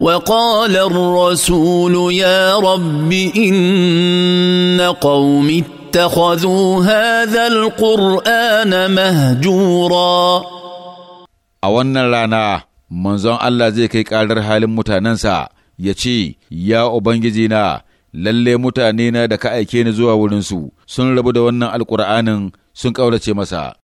وقال الرسول يا رب إن قوم اتخذوا هذا القرآن مهجورا a wannan rana manzon Allah zai kai ƙarar halin mutanensa ya ce, Ya Ubangiji na, lalle mutane na da ka aike ni zuwa wurinsu sun rabu da wannan alƙur'anin sun ƙaurace masa.